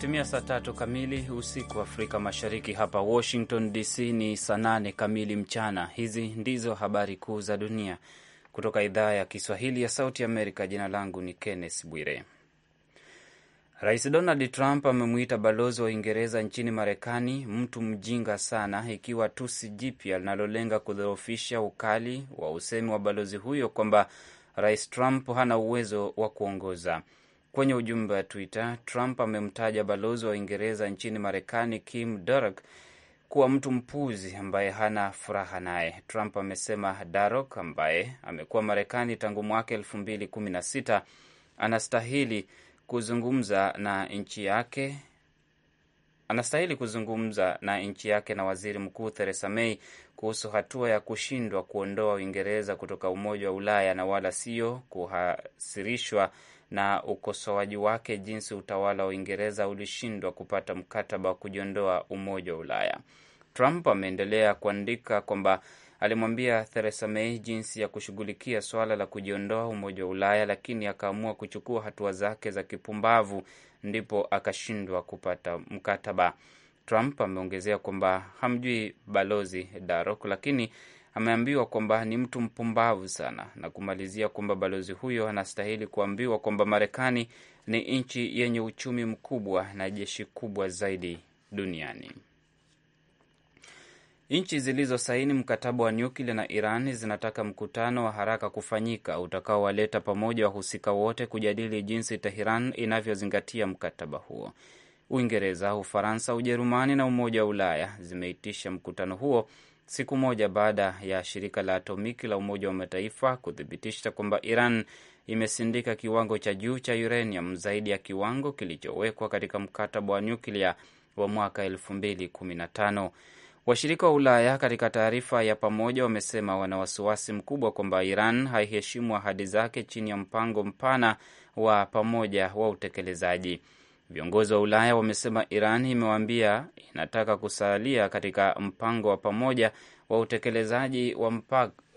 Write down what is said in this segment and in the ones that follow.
Imetimia saa tatu kamili usiku Afrika Mashariki. Hapa Washington DC ni saa nane kamili mchana. Hizi ndizo habari kuu za dunia kutoka idhaa ya Kiswahili ya Sauti Amerika. Jina langu ni Kenneth Bwire. Rais Donald Trump amemwita balozi wa Uingereza nchini Marekani mtu mjinga sana, ikiwa tusi jipya linalolenga kudhoofisha ukali wa usemi wa balozi huyo kwamba Rais Trump hana uwezo wa kuongoza. Kwenye ujumbe wa Twitter, Trump amemtaja balozi wa Uingereza nchini Marekani Kim Darroch kuwa mtu mpuzi ambaye hana furaha naye. Trump amesema Darroch ambaye amekuwa Marekani tangu mwaka elfu mbili kumi na sita anastahili kuzungumza na nchi yake anastahili kuzungumza na nchi yake na waziri mkuu Theresa May kuhusu hatua ya kushindwa kuondoa Uingereza kutoka Umoja wa Ulaya na wala sio kuhasirishwa na ukosoaji wake jinsi utawala wa Uingereza ulishindwa kupata mkataba wa kujiondoa Umoja wa Ulaya. Trump ameendelea kuandika kwamba alimwambia Theresa May jinsi ya kushughulikia swala la kujiondoa Umoja wa Ulaya, lakini akaamua kuchukua hatua zake za kipumbavu, ndipo akashindwa kupata mkataba. Trump ameongezea kwamba hamjui balozi Darok, lakini ameambiwa kwamba ni mtu mpumbavu sana, na kumalizia kwamba balozi huyo anastahili kuambiwa kwamba Marekani ni nchi yenye uchumi mkubwa na jeshi kubwa zaidi duniani. Nchi zilizosaini mkataba wa nyuklia na Iran zinataka mkutano wa haraka kufanyika utakaowaleta pamoja wahusika wote kujadili jinsi Teheran inavyozingatia mkataba huo. Uingereza, Ufaransa, Ujerumani na Umoja wa Ulaya zimeitisha mkutano huo siku moja baada ya shirika la atomiki la Umoja wa Mataifa kuthibitisha kwamba Iran imesindika kiwango cha juu cha uranium zaidi ya kiwango kilichowekwa katika mkataba wa nyuklia wa mwaka 2015. Washirika wa Ulaya katika taarifa ya pamoja wamesema wana wasiwasi mkubwa kwamba Iran haiheshimu ahadi zake chini ya mpango mpana wa pamoja wa utekelezaji. Viongozi wa Ulaya wamesema Iran imewaambia inataka kusalia katika mpango wa pamoja wa utekelezaji wa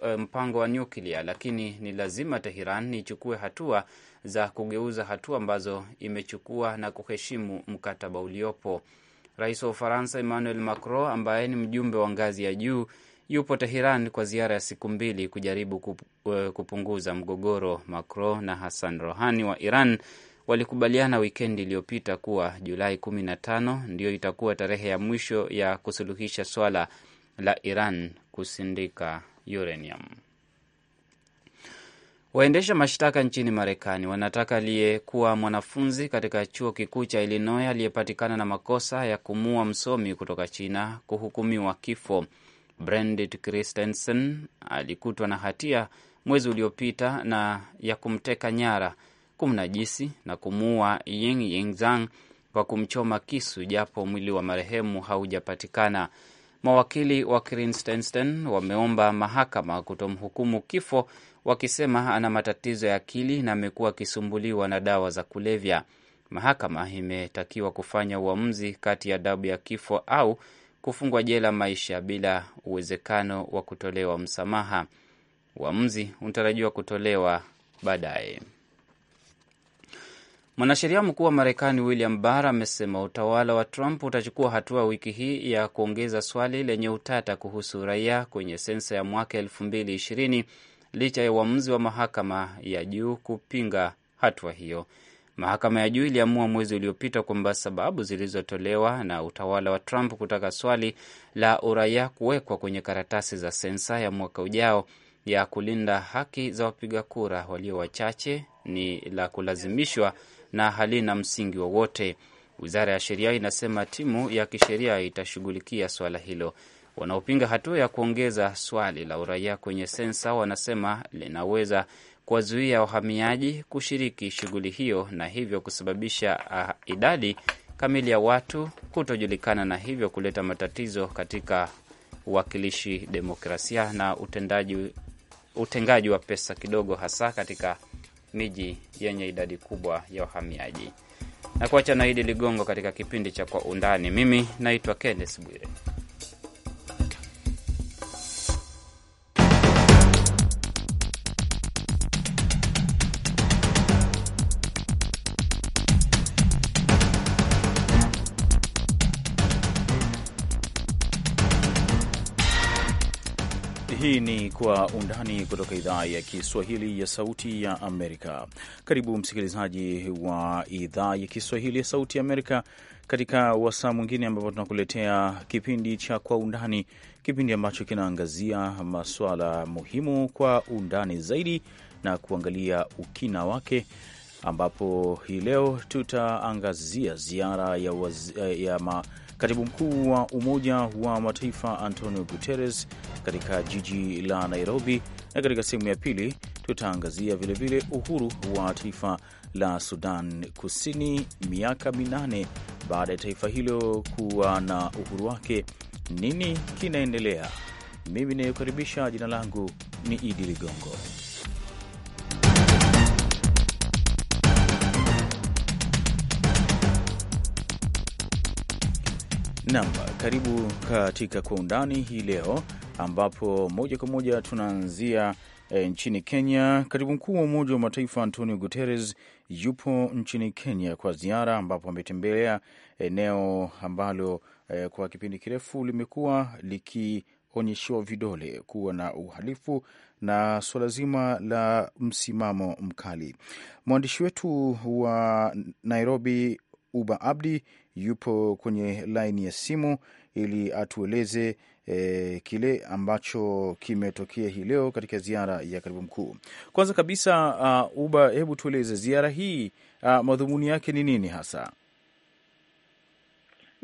eh, mpango wa nyuklia, lakini ni lazima Teheran ichukue hatua za kugeuza hatua ambazo imechukua na kuheshimu mkataba uliopo. Rais wa Ufaransa Emmanuel Macron ambaye ni mjumbe wa ngazi ya juu yupo Teheran kwa ziara ya siku mbili kujaribu eh, kupunguza mgogoro. Macron na Hassan Rohani wa Iran walikubaliana wikendi iliyopita kuwa Julai 15 ndiyo itakuwa tarehe ya mwisho ya kusuluhisha swala la Iran kusindika uranium. Waendesha mashtaka nchini Marekani wanataka aliyekuwa mwanafunzi katika chuo kikuu cha Illinois aliyepatikana na makosa ya kumua msomi kutoka China kuhukumiwa kifo. Brendit Christensen alikutwa na hatia mwezi uliopita na ya kumteka nyara kumnajisi na kumuua Ying Yingzang kwa kumchoma kisu, japo mwili wa marehemu haujapatikana. Mawakili wa Kristensen wameomba mahakama kutomhukumu kifo, wakisema ana matatizo ya akili na amekuwa akisumbuliwa na dawa za kulevya. Mahakama imetakiwa kufanya uamuzi kati ya adhabu ya kifo au kufungwa jela maisha bila uwezekano wa kutolewa msamaha. Uamuzi unatarajiwa kutolewa baadaye. Mwanasheria mkuu wa Marekani William Barr amesema utawala wa Trump utachukua hatua wiki hii ya kuongeza swali lenye utata kuhusu raia kwenye sensa ya mwaka elfu mbili ishirini licha ya uamuzi wa mahakama ya juu kupinga hatua hiyo. Mahakama ya juu iliamua mwezi uliopita kwamba sababu zilizotolewa na utawala wa Trump kutaka swali la uraia kuwekwa kwenye karatasi za sensa ya mwaka ujao ya kulinda haki za wapiga kura walio wachache ni la kulazimishwa na halina msingi wowote. Wizara ya Sheria inasema timu ya kisheria itashughulikia swala hilo. Wanaopinga hatua ya kuongeza swali la uraia kwenye sensa wanasema linaweza kuwazuia wahamiaji kushiriki shughuli hiyo na hivyo kusababisha uh, idadi kamili ya watu kutojulikana na hivyo kuleta matatizo katika uwakilishi, demokrasia na utendaji, utengaji wa pesa kidogo hasa katika miji yenye idadi kubwa ya wahamiaji. Na kuacha na Ligongo katika kipindi cha Kwa Undani. Mimi naitwa Kenneth Bwire. Kwa Undani kutoka idhaa ya Kiswahili ya Sauti ya Amerika. Karibu msikilizaji wa idhaa ya Kiswahili ya Sauti ya Amerika katika wasaa mwingine ambapo tunakuletea kipindi cha Kwa Undani, kipindi ambacho kinaangazia masuala muhimu kwa undani zaidi na kuangalia ukina wake, ambapo hii leo tutaangazia ziara ya, waz... ya ma... katibu mkuu wa Umoja wa Mataifa Antonio Guterres katika jiji la Nairobi, na katika sehemu ya pili tutaangazia vilevile uhuru wa taifa la Sudan Kusini miaka minane baada ya taifa hilo kuwa na uhuru wake. Nini kinaendelea? Mimi inayokaribisha jina langu ni Idi Ligongo. Nam, karibu katika Kwa Undani hii leo ambapo moja kwa moja tunaanzia e, nchini Kenya. Katibu mkuu wa Umoja wa Mataifa Antonio Guterres yupo nchini Kenya kwa ziara, ambapo ametembelea eneo ambalo e, kwa kipindi kirefu limekuwa likionyeshewa vidole kuwa na uhalifu na suala zima la msimamo mkali. Mwandishi wetu wa Nairobi Uba Abdi yupo kwenye laini ya simu ili atueleze e, kile ambacho kimetokea hii leo katika ziara ya katibu mkuu. Kwanza kabisa, uh, Uba, hebu tueleze ziara hii uh, madhumuni yake ni nini hasa?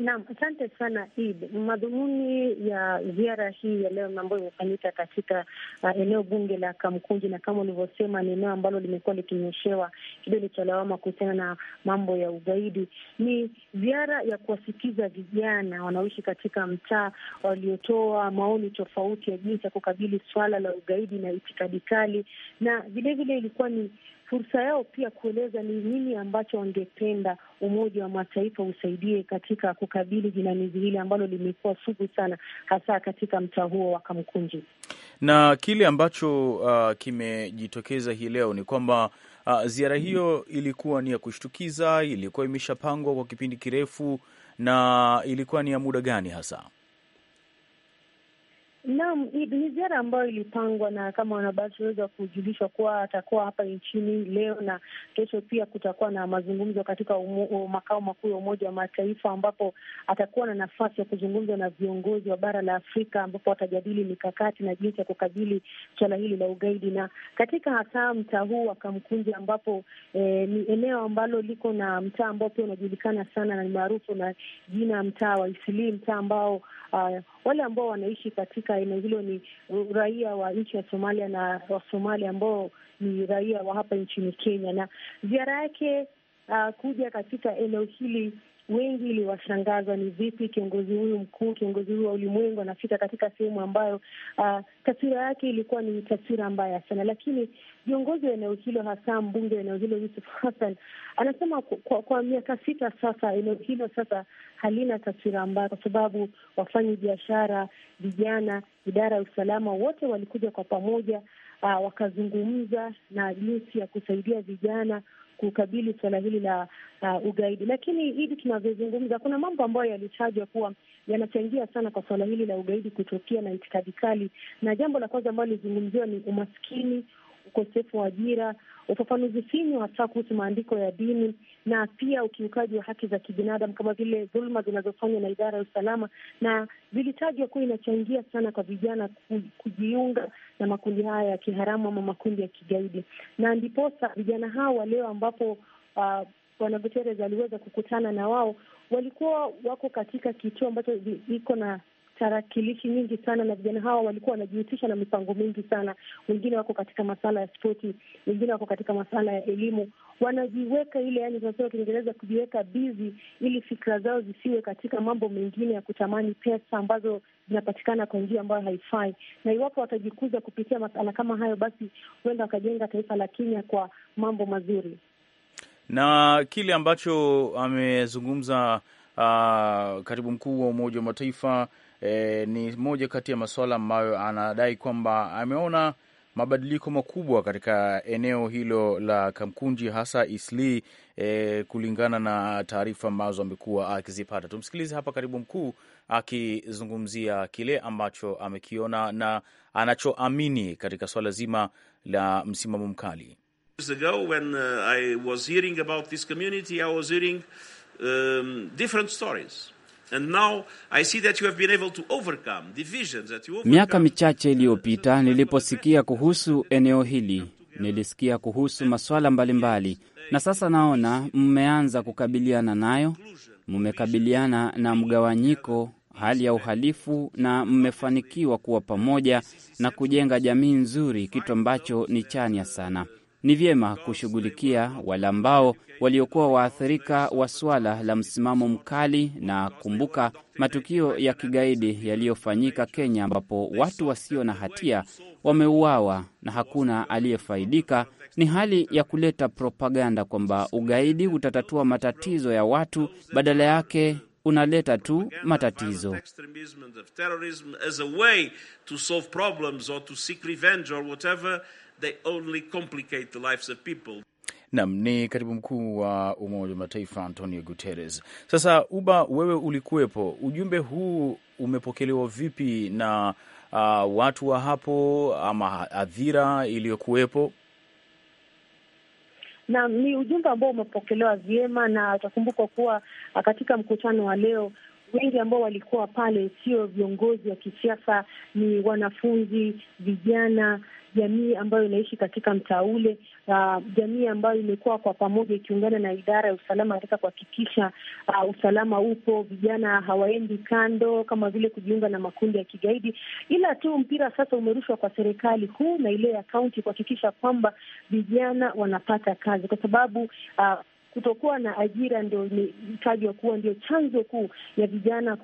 Naam, asante sana Id. Madhumuni ya ziara hii ya leo ambayo imefanyika katika uh, eneo bunge la Kamkunji, na kama ulivyosema, ni eneo ambalo limekuwa likinyeshewa kidole cha lawama kuhusiana na mambo ya ugaidi, ni ziara ya kuwasikiza vijana wanaoishi katika mtaa waliotoa maoni tofauti ya jinsi ya kukabili swala la ugaidi na itikadi kali, na vilevile ilikuwa ni fursa yao pia kueleza ni nini ambacho wangependa Umoja wa Mataifa usaidie katika kukabili jinamizi hili ambalo limekuwa sugu sana, hasa katika mtaa huo wa Kamkunji. Na kile ambacho uh, kimejitokeza hii leo ni kwamba uh, ziara hiyo ilikuwa ni ya kushtukiza, ilikuwa imeshapangwa kwa kipindi kirefu, na ilikuwa ni ya muda gani hasa? Naam, ni ziara ambayo ilipangwa na kama wanahabari waweza kujulishwa kuwa atakuwa hapa nchini leo na kesho. Pia kutakuwa na mazungumzo katika makao makuu ya Umoja wa Mataifa ambapo atakuwa na nafasi ya kuzungumza na viongozi wa bara la Afrika ambapo watajadili mikakati na jinsi ya kukabili suala hili la ugaidi, na katika hasa mtaa huu wa Kamkunji ambapo eh, ni eneo ambalo liko na mtaa ambao pia unajulikana sana na ni maarufu na jina mtaa wa Isilii, mtaa ambao uh, wale ambao wanaishi katika katika eneo hilo ni raia wa nchi ya Somalia na Wasomalia ambao ni raia wa hapa nchini Kenya, na ziara yake uh, kuja katika eneo hili wengi iliwashangaza ni vipi kiongozi huyu mkuu, kiongozi huyu wa ulimwengu anafika katika sehemu ambayo uh, taswira yake ilikuwa ni taswira mbaya sana. Lakini viongozi wa eneo hilo, hasa mbunge wa eneo hilo Yusuf Hassan, anasema kwa, kwa, kwa miaka sita sasa eneo hilo sasa halina taswira mbaya, kwa sababu wafanyi biashara, vijana, idara ya usalama, wote walikuja kwa pamoja, uh, wakazungumza na jinsi ya kusaidia vijana kukabili suala hili la uh, ugaidi. Lakini hivi tunavyozungumza, kuna mambo ambayo yalitajwa kuwa yanachangia sana kwa suala hili la ugaidi kutokea na itikadi kali, na jambo la kwanza ambalo lilizungumziwa ni umaskini ukosefu wa ajira, ufafanuzi finyu hasa kuhusu maandiko ya dini na pia ukiukaji wa haki za kibinadamu kama vile dhuluma zinazofanywa na idara ya usalama, na vilitajwa kuwa inachangia sana kwa vijana kujiunga na makundi haya ya kiharamu ama makundi ya kigaidi, na ndiposa vijana hawa leo ambapo uh, Bwana Guterres aliweza kukutana na wao, walikuwa wako katika kituo ambacho iko na tarakilishi nyingi sana, na vijana hawa walikuwa wanajihusisha na mipango mingi sana. Wengine wako katika masala ya spoti, wengine wako katika masala ya elimu, wanajiweka ile, yani tunasema Kiingereza kujiweka bizi, ili fikra zao zisiwe katika mambo mengine ya kutamani pesa ambazo zinapatikana kwa njia ambayo haifai. Na iwapo watajikuza kupitia masala kama hayo, basi huenda wakajenga taifa la Kenya kwa mambo mazuri na kile ambacho amezungumza uh, katibu mkuu wa Umoja wa Mataifa e, ni moja kati ya masuala ambayo anadai kwamba ameona mabadiliko makubwa katika eneo hilo la Kamkunji hasa Isli e, kulingana na taarifa ambazo amekuwa akizipata. Tumsikilize hapa karibu mkuu akizungumzia kile ambacho amekiona na anachoamini katika swala zima la msimamo mkali. Uh, um, Miaka michache iliyopita niliposikia kuhusu eneo hili, nilisikia kuhusu masuala mbalimbali, na sasa naona mmeanza kukabiliana nayo. Mmekabiliana na mgawanyiko, hali ya uhalifu, na mmefanikiwa kuwa pamoja na kujenga jamii nzuri, kitu ambacho ni chanya sana ni vyema kushughulikia wale ambao waliokuwa waathirika wa suala la msimamo mkali. Na kumbuka matukio ya kigaidi yaliyofanyika Kenya, ambapo watu wasio na hatia wameuawa na hakuna aliyefaidika. Ni hali ya kuleta propaganda kwamba ugaidi utatatua matatizo ya watu, badala yake unaleta tu matatizo they only complicate the lives of people. Nam ni katibu mkuu wa Umoja wa Mataifa Antonio Guterres. Sasa Uba, wewe ulikuwepo, ujumbe huu umepokelewa vipi na uh, watu wa hapo ama hadhira iliyokuwepo? na ni ujumbe ambao umepokelewa vyema, na utakumbuka kuwa uh, katika mkutano wa leo wengi ambao walikuwa pale sio viongozi wa kisiasa, ni wanafunzi, vijana jamii ambayo inaishi katika mtaa ule, uh, jamii ambayo imekuwa kwa pamoja ikiungana na idara ya usalama katika kuhakikisha uh, usalama upo, vijana hawaendi kando kama vile kujiunga na makundi ya kigaidi. Ila tu mpira sasa umerushwa kwa serikali kuu na ile ya kaunti kuhakikisha kwamba vijana wanapata kazi, kwa sababu uh, kutokuwa na ajira ndio imetajwa kuwa ndio chanzo kuu ya vijana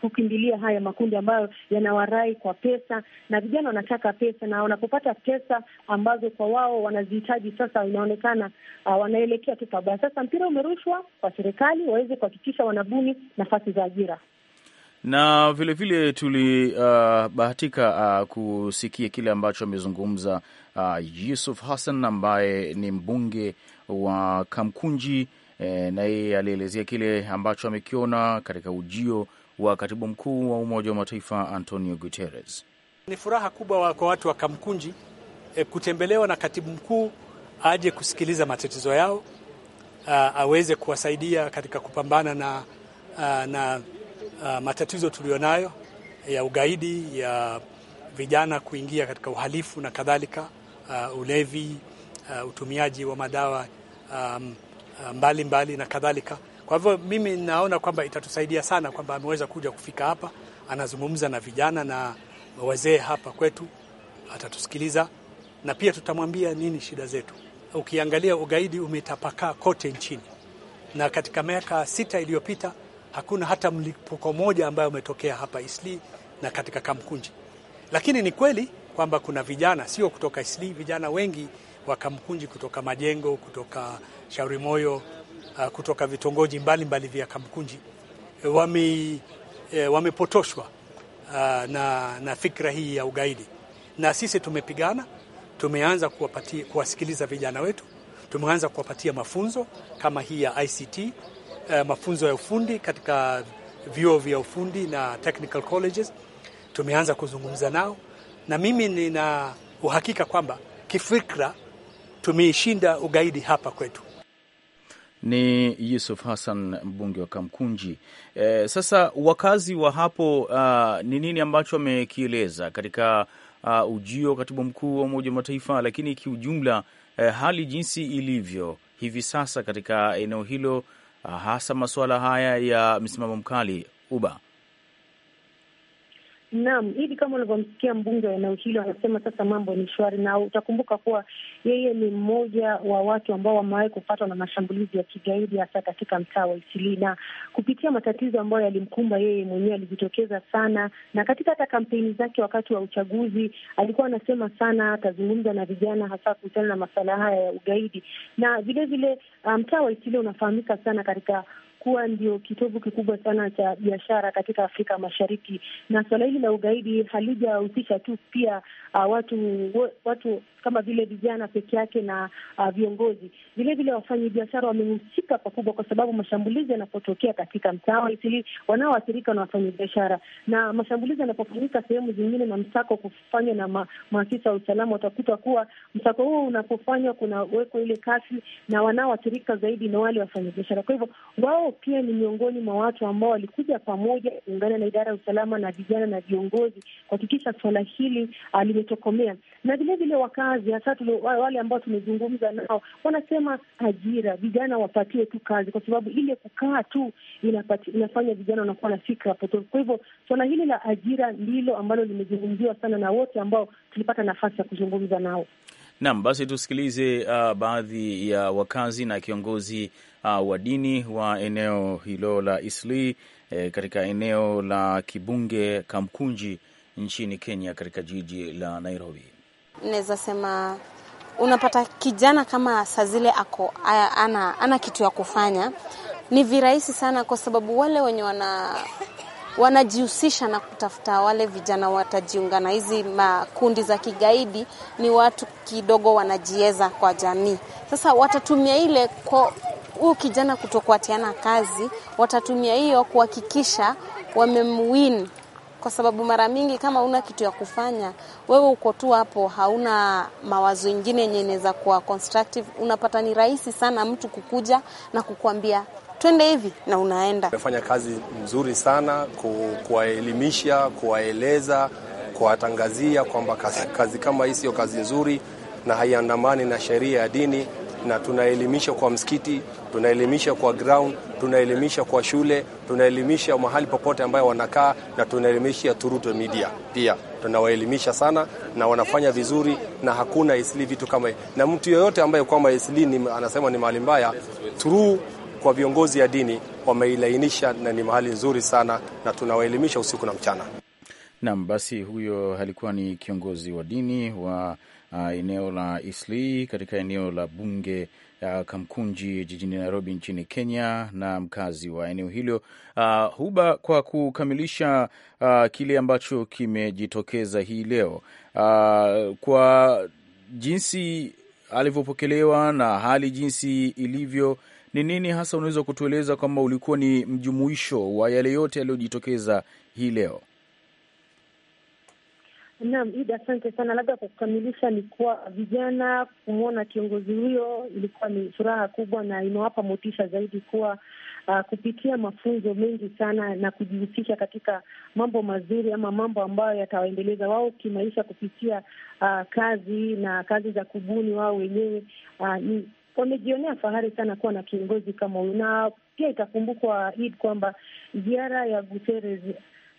kukimbilia haya makundi ambayo yanawarai kwa pesa, na vijana wanataka pesa, na wanapopata pesa ambazo kwa wao wanazihitaji sasa, inaonekana uh, wanaelekea tu pabaya. Sasa mpira umerushwa kwa serikali waweze kuhakikisha wanabuni nafasi za ajira na vilevile tulibahatika uh, uh, kusikia kile ambacho amezungumza uh, Yusuf Hassan ambaye ni mbunge wa Kamkunji eh, na yeye alielezea kile ambacho amekiona katika ujio wa katibu mkuu wa Umoja wa Mataifa Antonio Guterres. Ni furaha kubwa kwa watu wa Kamkunji eh, kutembelewa na katibu mkuu aje kusikiliza matatizo yao, uh, aweze kuwasaidia katika kupambana na, uh, na uh, matatizo tuliyonayo ya ugaidi, ya vijana kuingia katika uhalifu na kadhalika, uh, ulevi, uh, utumiaji wa madawa um, mbalimbali uh, mbali na kadhalika. Kwa hivyo mimi naona kwamba itatusaidia sana kwamba ameweza kuja kufika hapa, anazungumza na vijana na wazee hapa kwetu, atatusikiliza na pia tutamwambia nini shida zetu. Ukiangalia ugaidi umetapakaa kote nchini, na katika miaka sita iliyopita hakuna hata mlipuko moja ambayo umetokea hapa Isli na katika Kamkunji. Lakini ni kweli kwamba kuna vijana sio kutoka Isli, vijana wengi wa Kamkunji kutoka Majengo, kutoka shauri moyo ah, kutoka vitongoji mbalimbali vya Kamkunji wame, eh, wamepotoshwa ah, na, na fikra hii ya ugaidi, na sisi tumepigana, tumeanza kuwapatia, kuwasikiliza vijana wetu, tumeanza kuwapatia mafunzo kama hii ya ICT eh, mafunzo ya ufundi katika vyuo vya ufundi na technical colleges. Tumeanza kuzungumza nao na mimi nina uhakika kwamba kifikra tumeishinda ugaidi hapa kwetu. Ni Yusuf Hassan, mbunge wa Kamkunji. Eh, sasa wakazi wa hapo ah, ni uh, nini ambacho wamekieleza katika uh, ujio wa katibu mkuu wa Umoja wa Mataifa, lakini kiujumla eh, hali jinsi ilivyo hivi sasa katika eneo hilo Ah, hasa masuala haya ya msimamo mkali uba Naam, hivi kama ulivyomsikia mbunge wa eneo hilo anasema sasa mambo ni shwari, na utakumbuka kuwa yeye ni mmoja wa watu ambao wamewahi kupatwa na mashambulizi ya kigaidi hasa katika mtaa wa Isilii, na kupitia matatizo ambayo yalimkumba yeye mwenyewe alijitokeza sana, na katika hata kampeni zake wakati wa uchaguzi alikuwa anasema sana, atazungumza na vijana hasa kuhusiana na masala haya ya ugaidi, na vilevile um, mtaa um, wa Isilii unafahamika sana katika kuwa ndio kitovu kikubwa sana cha biashara katika Afrika Mashariki, na suala hili la ugaidi halijahusisha tu pia uh, watu watu kama vile vijana peke yake na uh, viongozi vilevile, wafanyabiashara wamehusika pakubwa, kwa sababu mashambulizi yanapotokea katika mtaa wa wanaoathirika na wafanyabiashara, na mashambulizi yanapofanyika sehemu zingine na msako kufanywa na maafisa wa usalama, watakuta kuwa msako huo unapofanywa kunawekwa ile kasi, na wanaoathirika zaidi na wale wafanyabiashara. Kwa hivyo wao pia ni miongoni mwa watu ambao walikuja pamoja kuungana na idara ya usalama na vijana na viongozi kuhakikisha swala hili uh, limetokomea. Na vilevile wakazi, hasa wale ambao tumezungumza nao, wanasema ajira, vijana wapatiwe tu kazi, kwa sababu ile kukaa tu inapati, inafanya vijana wanakuwa na fikra potofu. Kwa hivyo swala hili la ajira ndilo ambalo limezungumziwa sana na wote ambao tulipata nafasi ya kuzungumza nao. Naam, basi tusikilize uh, baadhi ya wakazi na kiongozi uh, wa dini wa eneo hilo la Isli eh, katika eneo la Kibunge Kamkunji nchini Kenya katika jiji la Nairobi. Naweza sema unapata kijana kama saa zile ako ana, ana kitu ya kufanya, ni virahisi sana kwa sababu wale wenye wana wanajihusisha na kutafuta wale vijana watajiunga na hizi makundi za kigaidi, ni watu kidogo wanajieza kwa jamii. Sasa watatumia ile kwa huu kijana kutokuatiana kazi, watatumia hiyo kuhakikisha wamemwin kwa sababu mara mingi kama una kitu ya kufanya wewe, uko tu hapo, hauna mawazo ingine yenye inaweza kuwa constructive, unapata ni rahisi sana mtu kukuja na kukuambia twende hivi na unaenda. Amefanya kazi nzuri sana kuwaelimisha, kuwaeleza, kuwatangazia kwamba kazi, kazi kama hii sio kazi nzuri na haiandamani na sheria ya dini, na tunaelimisha kwa msikiti, tunaelimisha kwa ground, tunaelimisha kwa shule, tunaelimisha mahali popote ambayo wanakaa, na tunaelimisha turuto media pia tunawaelimisha sana na wanafanya vizuri, na hakuna isli vitu kama na mtu yoyote ambaye kwamba isli ni, anasema ni mali mbaya through kwa viongozi ya dini wameilainisha na ni mahali nzuri sana, na tunawaelimisha usiku na mchana. Naam, basi huyo alikuwa ni kiongozi wa dini wa uh, eneo la Eastleigh katika eneo la bunge uh, Kamkunji jijini Nairobi nchini Kenya, na mkazi wa eneo hilo uh, Huba. Kwa kukamilisha uh, kile ambacho kimejitokeza hii leo uh, kwa jinsi alivyopokelewa na hali jinsi ilivyo ni nini hasa unaweza kutueleza kwamba ulikuwa ni mjumuisho wa yale yote yaliyojitokeza hii leo? Naam, Ida, asante sana. Labda kwa kukamilisha, ni kuwa vijana kumwona kiongozi huyo ilikuwa ni furaha kubwa na imewapa motisha zaidi kuwa uh, kupitia mafunzo mengi sana na kujihusisha katika mambo mazuri ama mambo ambayo yatawaendeleza wao kimaisha kupitia uh, kazi na kazi za kubuni wao wenyewe uh, ni wamejionea fahari sana kuwa na kiongozi kama huyu, na pia itakumbukwa kwamba ziara ya Guterres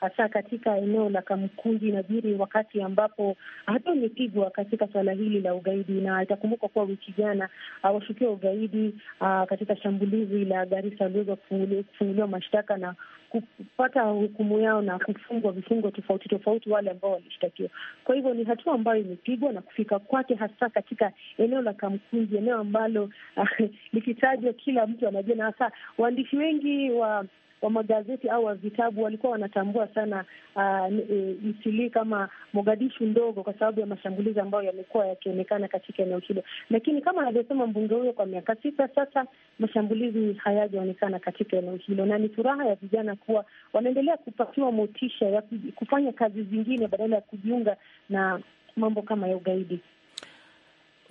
hasa katika eneo la Kamkunji najiri wakati ambapo hatua imepigwa katika suala hili la ugaidi, na itakumbuka kuwa wiki jana uh, washukiwa ugaidi aa, uh, katika shambulizi la Garissa waliweza kufunguliwa mashtaka na kupata hukumu yao na kufungwa vifungo tofauti tofauti wale ambao walishtakiwa. Kwa hivyo ni hatua ambayo imepigwa na kufika kwake hasa katika eneo la Kamkunji, eneo ambalo uh, likitajwa kila mtu anajua, na hasa waandishi wengi wa wa magazeti au wa vitabu walikuwa wanatambua sana uh, e, kama Mogadishu ndogo kwa sababu ya mashambulizi ambayo yamekuwa yakionekana katika eneo hilo, lakini kama anavyosema mbunge huyo, kwa miaka sita sasa mashambulizi hayajaonekana katika eneo hilo, na ni furaha ya vijana kuwa wanaendelea kupatiwa motisha ya kufanya kazi zingine badala ya kujiunga na mambo kama ya ugaidi.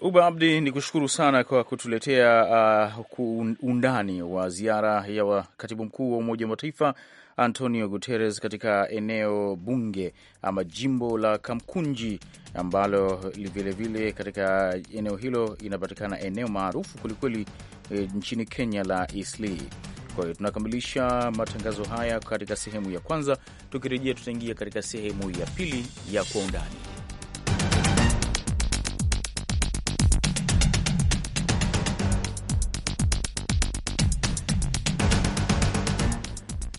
Uba Abdi, ni kushukuru sana kwa kutuletea uh, undani wa ziara ya wa katibu mkuu wa Umoja wa Mataifa Antonio Guterres katika eneo bunge ama jimbo la Kamkunji ambalo vilevile katika eneo hilo inapatikana eneo maarufu kwelikweli e, nchini Kenya la Eastleigh. Kwa hiyo tunakamilisha matangazo haya katika sehemu ya kwanza. Tukirejea tutaingia katika sehemu ya pili ya kwa undani.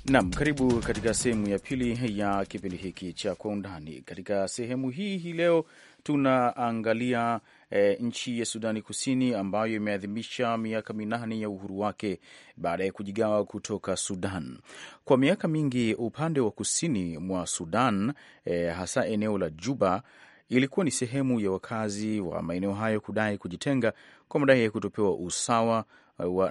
Nam, karibu katika sehemu ya pili ya kipindi hiki cha Kwa Undani. Katika sehemu hii hii leo tunaangalia e, nchi ya Sudani Kusini ambayo imeadhimisha miaka minane ya uhuru wake baada ya kujigawa kutoka Sudan. Kwa miaka mingi upande wa kusini mwa Sudan e, hasa eneo la Juba ilikuwa ni sehemu ya wakazi wa maeneo hayo kudai kujitenga kwa madai ya kutopewa usawa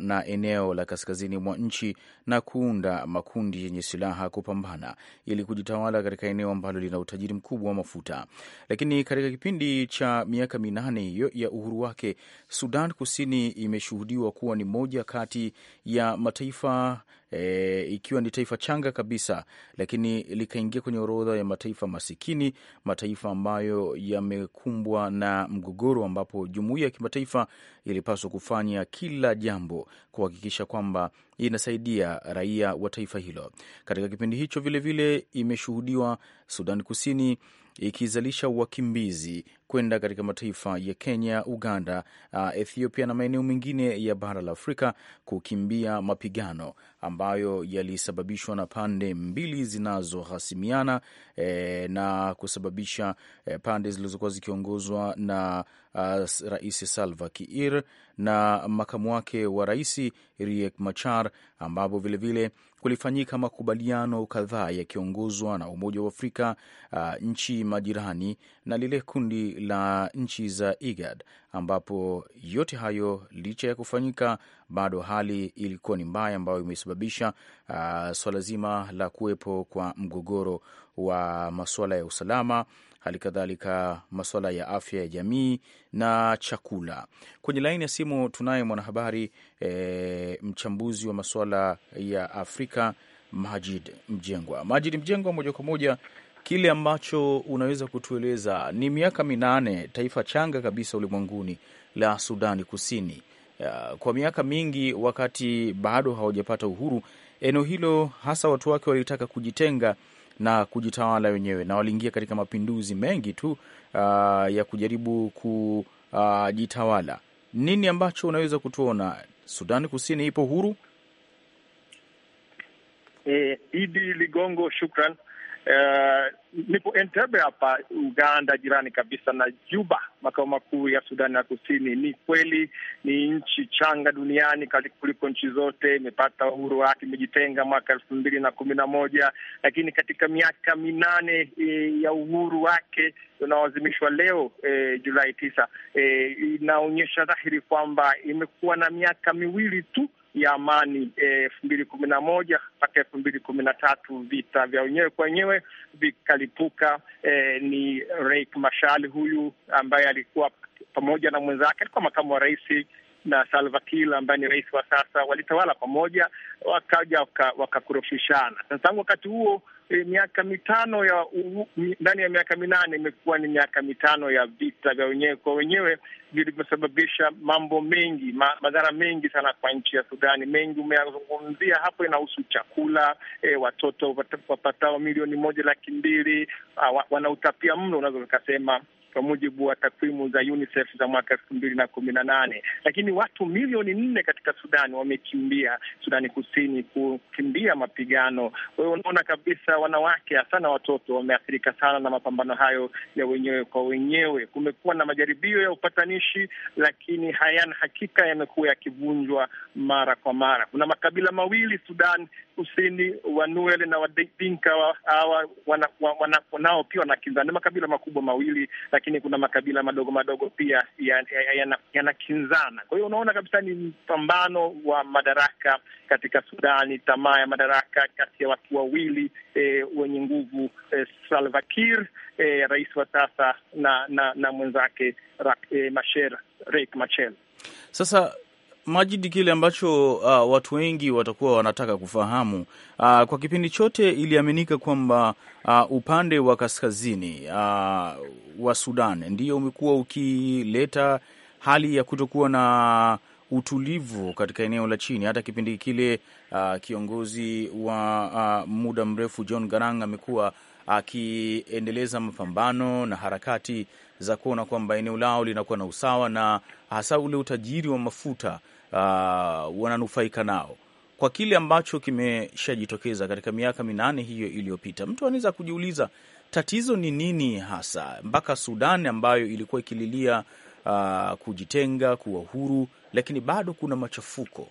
na eneo la kaskazini mwa nchi na kuunda makundi yenye silaha kupambana ili kujitawala katika eneo ambalo lina utajiri mkubwa wa mafuta. Lakini katika kipindi cha miaka minane hiyo ya uhuru wake, Sudan Kusini imeshuhudiwa kuwa ni moja kati ya mataifa e, ikiwa ni taifa changa kabisa, lakini likaingia kwenye orodha ya mataifa masikini, mataifa ambayo yamekumbwa na mgogoro, ambapo jumuiya ya kimataifa ilipaswa kufanya kila jambo kuhakikisha kwamba inasaidia raia wa taifa hilo. Katika kipindi hicho vilevile vile imeshuhudiwa Sudan Kusini ikizalisha wakimbizi kwenda katika mataifa ya Kenya, Uganda, uh, Ethiopia na maeneo mengine ya bara la Afrika kukimbia mapigano ambayo yalisababishwa na pande mbili zinazohasimiana eh, na kusababisha eh, pande zilizokuwa zikiongozwa na uh, Rais Salva Kiir na makamu wake wa rais Riek Machar, ambapo vilevile kulifanyika makubaliano kadhaa yakiongozwa na Umoja wa Afrika, uh, nchi majirani na lile kundi la nchi za IGAD, ambapo yote hayo licha ya kufanyika bado hali ilikuwa ni mbaya, ambayo imesababisha uh, swala zima la kuwepo kwa mgogoro wa masuala ya usalama hali kadhalika masuala ya afya ya jamii na chakula. Kwenye laini ya simu tunaye mwanahabari e, mchambuzi wa masuala ya Afrika Majid Mjengwa. Majid Mjengwa, moja kwa moja, kile ambacho unaweza kutueleza ni miaka minane, taifa changa kabisa ulimwenguni la Sudani Kusini, kwa miaka mingi, wakati bado hawajapata uhuru, eneo hilo hasa watu wake walitaka kujitenga na kujitawala wenyewe, na waliingia katika mapinduzi mengi tu uh, ya kujaribu kujitawala. Uh, nini ambacho unaweza kutuona Sudan Kusini ipo huru? E, Idi Ligongo, shukran. Eh, nipo Entebbe hapa Uganda, jirani kabisa na Juba, makao makuu ya Sudani ya Kusini. Ni kweli ni nchi changa duniani kuliko nchi zote, imepata uhuru wake, imejitenga mwaka elfu mbili na kumi na moja, lakini katika miaka minane e, ya uhuru wake unaoazimishwa leo e, Julai tisa e, inaonyesha dhahiri kwamba imekuwa na miaka miwili tu ya amani eh, elfu mbili kumi na moja mpaka elfu mbili kumi na tatu vita vya wenyewe kwa wenyewe vikalipuka. E, ni Riek Machar huyu ambaye alikuwa pamoja na mwenzake, alikuwa makamu wa rais na Salva Kiir ambaye ni rais wa sasa, walitawala pamoja, wakaja wakakurushishana. waka. Na tangu wakati huo e, miaka mitano ya uhu, ndani ya miaka minane imekuwa ni miaka mitano ya vita vya wenyewe kwa wenyewe vilivyosababisha mambo mengi ma, madhara mengi sana kwa nchi ya Sudani. Mengi umeyazungumzia hapo, inahusu chakula e, watoto wapatao milioni moja laki mbili ah, wanautapia mno, unaweza ukasema kwa mujibu wa takwimu za UNICEF za mwaka elfu mbili na kumi na nane, lakini watu milioni nne katika Sudani wamekimbia Sudani Kusini kukimbia mapigano. Kwa hiyo unaona kabisa wanawake hasa na watoto wameathirika sana na mapambano hayo ya wenyewe kwa wenyewe. Kumekuwa na majaribio ya upatanishi, lakini hayana hakika, yamekuwa yakivunjwa mara kwa mara. Kuna makabila mawili Sudan Kusini, wanuel na Wadinka, wanao pia wanakinzana, makabila makubwa mawili lakini lakini kuna makabila madogo madogo pia yanakinzana ya, ya, ya. Kwa hiyo unaona kabisa ni mpambano wa madaraka katika Sudani, tamaa ya madaraka kati ya watu wawili e, wenye nguvu e, Salva Kiir eh, rais wa sasa na na, na mwenzake e, Machar Riek Machar. Sasa majidi kile ambacho uh, watu wengi watakuwa wanataka kufahamu uh, kwa kipindi chote iliaminika kwamba uh, upande wa kaskazini uh, wa Sudan ndio umekuwa ukileta hali ya kutokuwa na utulivu katika eneo la chini. Hata kipindi kile uh, kiongozi wa uh, muda mrefu John Garang amekuwa akiendeleza mapambano na harakati za kuona kwamba eneo lao linakuwa na usawa na hasa ule utajiri wa mafuta uh, wananufaika nao kwa kile ambacho kimeshajitokeza katika miaka minane hiyo iliyopita. Mtu anaweza kujiuliza tatizo ni nini hasa mpaka Sudan ambayo ilikuwa ikililia uh, kujitenga, kuwa huru, lakini bado kuna machafuko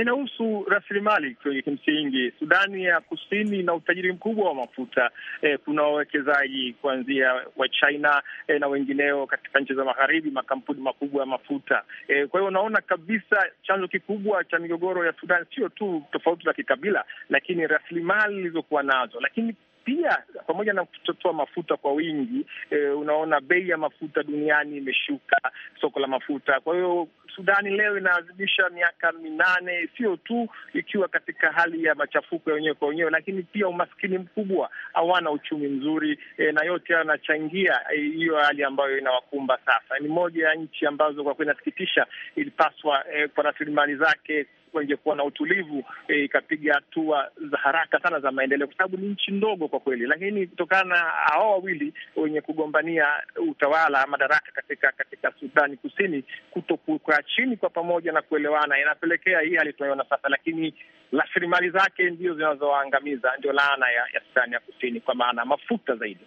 inahusu rasilimali kimsingi. Sudani ya Kusini ina utajiri mkubwa wa mafuta eh, kuna wawekezaji kuanzia wa China eh, na wengineo katika nchi za magharibi, makampuni makubwa ya mafuta eh, kwa hiyo unaona kabisa chanzo kikubwa cha migogoro ya Sudan sio tu tofauti za kikabila, lakini rasilimali ilizokuwa nazo, lakini pia pamoja na kutotoa mafuta kwa wingi e, unaona bei ya mafuta duniani imeshuka, soko la mafuta. Kwa hiyo Sudani leo inaadhimisha miaka minane, sio tu ikiwa katika hali ya machafuko ya wenyewe kwa wenyewe, lakini pia umaskini mkubwa, hawana uchumi mzuri e, na yote hayo yanachangia eh, hiyo e, hali ambayo inawakumba sasa. Ni moja ya nchi ambazo kwa kweli inasikitisha, ilipaswa e, kwa rasilimali zake ingekuwa na utulivu e, ikapiga hatua za haraka sana za maendeleo, kwa sababu ni nchi ndogo kwa kweli. Lakini kutokana na hao wawili wenye kugombania utawala madaraka katika katika Sudani Kusini kuto kukaa chini kwa pamoja na kuelewana, inapelekea hii hali tunayoona sasa, lakini rasilimali zake ndio zinazoangamiza, ndio laana ya, ya Sudani ya Kusini, kwa maana mafuta zaidi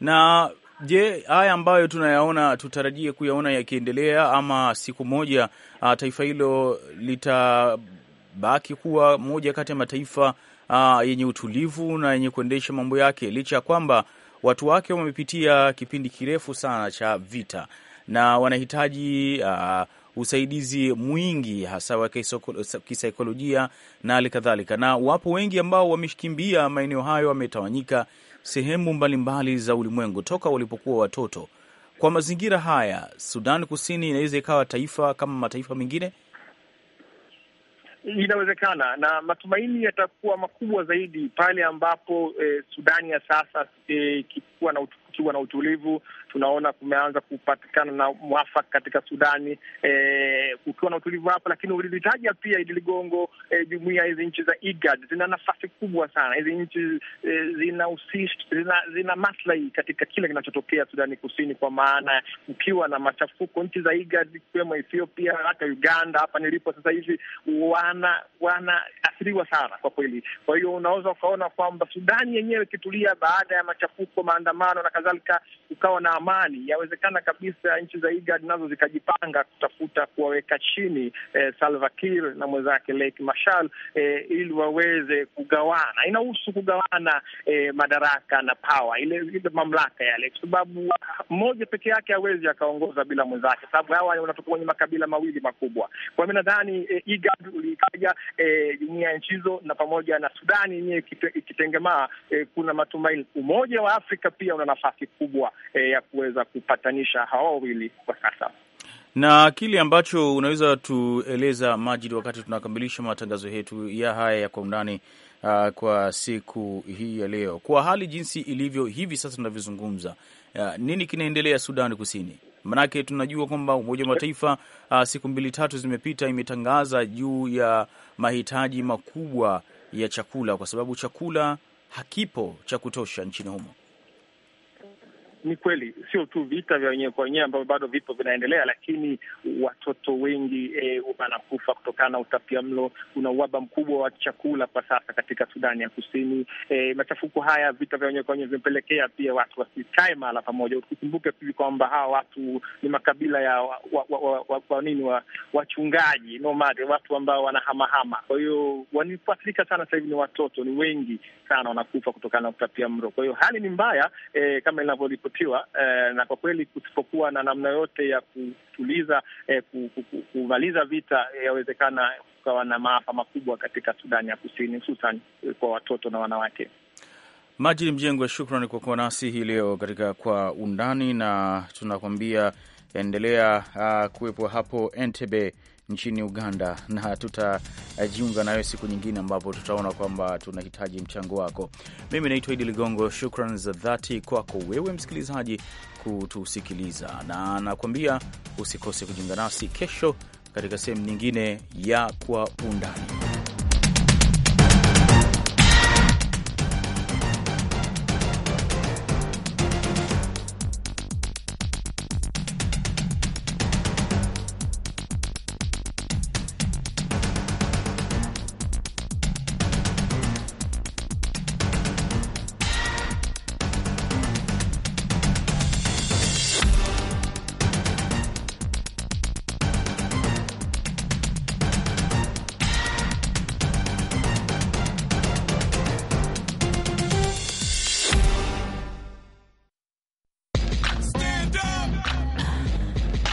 na Je, haya ambayo tunayaona tutarajie kuyaona yakiendelea ama siku moja a, ah, taifa hilo litabaki kuwa moja kati ya mataifa a, ah, yenye utulivu na yenye kuendesha mambo yake licha ya kwamba watu wake wamepitia kipindi kirefu sana cha vita na wanahitaji a, ah, usaidizi mwingi hasa wa kisaikolojia na hali kadhalika, na wapo wengi ambao wamekimbia maeneo hayo, wametawanyika sehemu mbalimbali za ulimwengu toka walipokuwa watoto. Kwa mazingira haya, Sudan Kusini inaweza ikawa taifa kama mataifa mengine? Inawezekana, na matumaini yatakuwa makubwa zaidi pale ambapo eh, Sudani ya sasa eh, kikiwa na utulivu tunaona kumeanza kupatikana na mwafaka katika Sudani eh, kukiwa na utulivu hapo, lakini ulilitaja pia Idi Ligongo, eh, jumuia hizi nchi za IGAD zina nafasi kubwa sana. Hizi nchi eh, zina, zina, zina maslahi katika kile kinachotokea Sudani Kusini, kwa maana ukiwa na machafuko nchi za IGAD ikiwemo Ethiopia hata Uganda hapa nilipo sasa hivi wana wanaathiriwa sana kwa kweli. Kwa hiyo unaweza ukaona kwamba Sudani yenyewe ikitulia baada ya machafuko, maandamano na kadhalika kukawa na amani, yawezekana kabisa nchi za IGAD nazo zikajipanga kutafuta kuwaweka chini eh, Salva Kiir na mwenzake Riek Machar eh, ili waweze kugawana. Inahusu kugawana eh, madaraka na power ile, ile mamlaka yale, kwa sababu mmoja peke yake hawezi akaongoza bila mwenzake, kwa sababu hawa wanatoka kwenye makabila mawili makubwa. Kwa mimi nadhani eh, IGAD uliitaja eh, jumuiya eh, ya nchi hizo na pamoja na Sudani yenyewe ikitengemaa, eh, kuna matumaini. Umoja wa Afrika pia una nafasi kubwa e, ya kuweza kupatanisha hawa wawili kwa sasa. Na kile ambacho unaweza tueleza Majid, wakati tunakamilisha matangazo yetu ya haya ya kwa undani uh, kwa siku hii ya leo, kwa hali jinsi ilivyo hivi sasa tunavyozungumza, uh, nini kinaendelea Sudani Kusini? Maanake tunajua kwamba Umoja wa Mataifa uh, siku mbili tatu zimepita imetangaza juu ya mahitaji makubwa ya chakula, kwa sababu chakula hakipo cha kutosha nchini humo ni kweli sio tu vita vya wenyewe kwa wenyewe ambavyo bado vipo vinaendelea, lakini watoto wengi e, wanakufa kutokana na utapia mlo. Kuna uhaba mkubwa wa chakula kwa sasa katika Sudani ya Kusini. E, machafuko haya, vita vya wenyewe kwa wenyewe vimepelekea pia watu wasikae mahala pamoja. Ukikumbuke pia kwamba hawa watu ni makabila ya wa, wa, wa, wa, wa, wa nini wa, wachungaji nomad, watu ambao wanahamahama. Kwa hiyo wanaoathirika sana sasa hivi ni watoto, ni wengi sana wanakufa kutokana na utapia mlo. Kwa hiyo hali ni mbaya e, kama inavyo kuvutiwa eh, na kwa kweli kusipokuwa na namna yote ya kutuliza eh, kumaliza vita, eh, yawezekana kukawa na maafa makubwa katika Sudani ya Kusini, hususan eh, kwa watoto na wanawake. Majid Mjengwa, shukrani kwa kuwa nasi hii leo katika Kwa Undani, na tunakuambia endelea uh, kuwepo hapo Entebbe nchini Uganda, na tutajiunga nayo siku nyingine ambapo tutaona kwamba tunahitaji mchango wako. Mimi naitwa Idi Ligongo, shukran za dhati kwako wewe msikilizaji kutusikiliza, na nakuambia usikose kujiunga nasi kesho katika sehemu nyingine ya Kwa Undani.